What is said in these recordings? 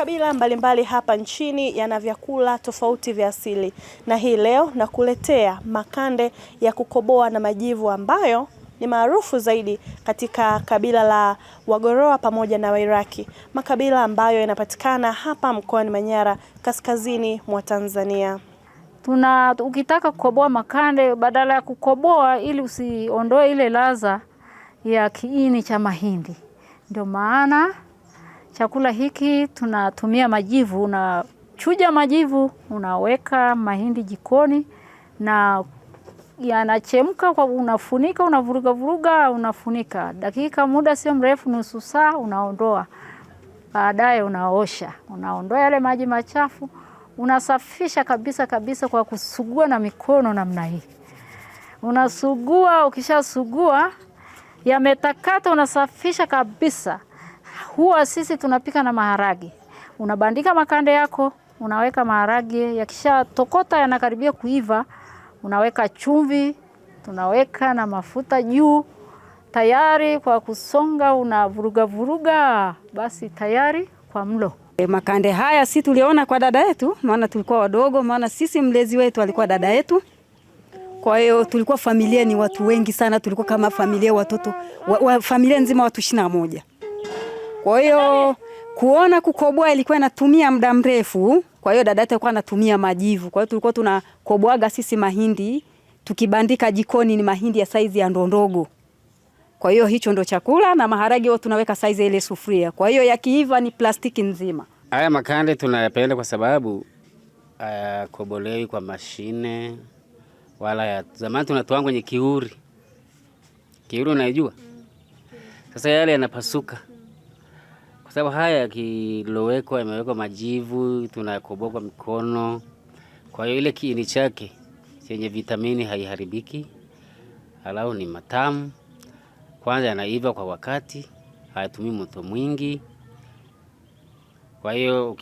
Makabila mbalimbali mbali hapa nchini yana vyakula tofauti vya asili, na hii leo nakuletea makande ya kukoboa na majivu ambayo ni maarufu zaidi katika kabila la wagoroa pamoja na Wairaki, makabila ambayo yanapatikana hapa mkoani Manyara, kaskazini mwa Tanzania. Tuna ukitaka kukoboa makande, badala ya kukoboa ili usiondoe ile ladha ya kiini cha mahindi, ndio maana Chakula hiki tunatumia majivu, unachuja majivu, unaweka mahindi jikoni na yanachemka kwa, unafunika unavuruga vuruga, unafunika dakika, muda sio mrefu, nusu saa, unaondoa. Baadaye unaosha, unaondoa yale maji machafu, unasafisha kabisa kabisa kwa kusugua na mikono namna hii, unasugua. Ukishasugua yametakata, unasafisha kabisa huwa sisi tunapika na maharage. Unabandika makande yako, unaweka maharage, tokota yanakaribia kuiva, unaweka chumvi, tunaweka na mafuta juu, tayari kwa kusonga, unavuruga vuruga, basi tayari kwa mlo. E, makande haya si tuliona kwa dada yetu, maana tulikuwa wadogo, maana sisi mlezi wetu alikuwa dada yetu. Kwa hiyo tulikuwa familia ni watu wengi sana, tulikuwa kama familia watoto wa, wa, familia nzima watu ishirini na moja. Kwa hiyo kuona kukoboa ilikuwa inatumia muda mrefu, kwa hiyo dada yetu alikuwa anatumia majivu. Kwa hiyo tulikuwa tunakoboaga sisi mahindi tukibandika jikoni, ni mahindi ya saizi ya ndondogo. Kwa hiyo hicho ndo chakula na maharage yote tunaweka saizi ile sufuria. Kwa hiyo yakiiva ni plastiki nzima. Haya makande tunayapenda kwa sababu ah, hayakobolewi kwa mashine wala ya zamani, tunatoa kwenye kiuri. Kiuri unaijua? Sasa yale yanapasuka kwa sababu haya yakilowekwa, yamewekwa majivu, kwa mikono. Kwa hiyo ile kiini chake chenye vitamini haiharibiki, alafu ni matamu kwanza, yanaiva kwa wakati, hayatumii moto mwingi. Kwa hiyo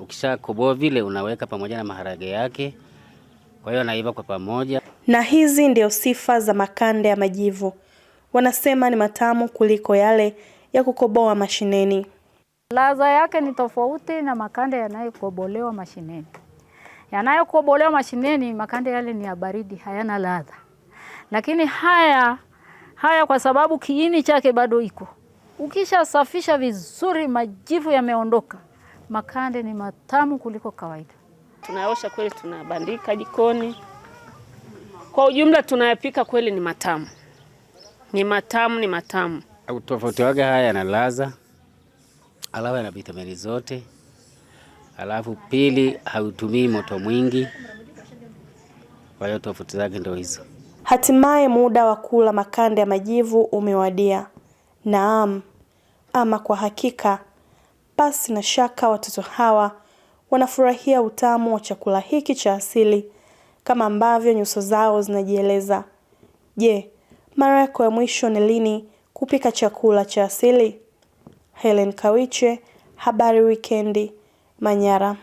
ukisha koboa vile unaweka pamoja na maharage yake, kwa hiyo anaiva kwa pamoja. Na hizi ndio sifa za makande ya majivu, wanasema ni matamu kuliko yale ya kukoboa mashineni. Ladha yake ni tofauti na makande yanayokobolewa mashineni. Yanayokobolewa mashineni, makande yale ni ya baridi, hayana ladha, lakini haya haya, kwa sababu kiini chake bado iko. Ukishasafisha vizuri, majivu yameondoka, makande ni matamu kuliko kawaida. tunayosha kweli, tunabandika jikoni. Kwa ujumla, tunayapika kweli, ni matamu, ni matamu, ni matamu. Tofauti wake haya yana ladha alawe na vitamini zote, alafu pili hautumii moto mwingi. Kwa hiyo tofauti zake ndio hizo. Hatimaye muda wa kula makande ya majivu umewadia. Naam, ama kwa hakika, pasi na shaka watoto hawa wanafurahia utamu wa chakula hiki cha asili kama ambavyo nyuso zao zinajieleza. Je, mara yako ya mwisho ni lini kupika chakula cha asili? Helen Kawiche, Habari Wikendi, Manyara.